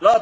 לא,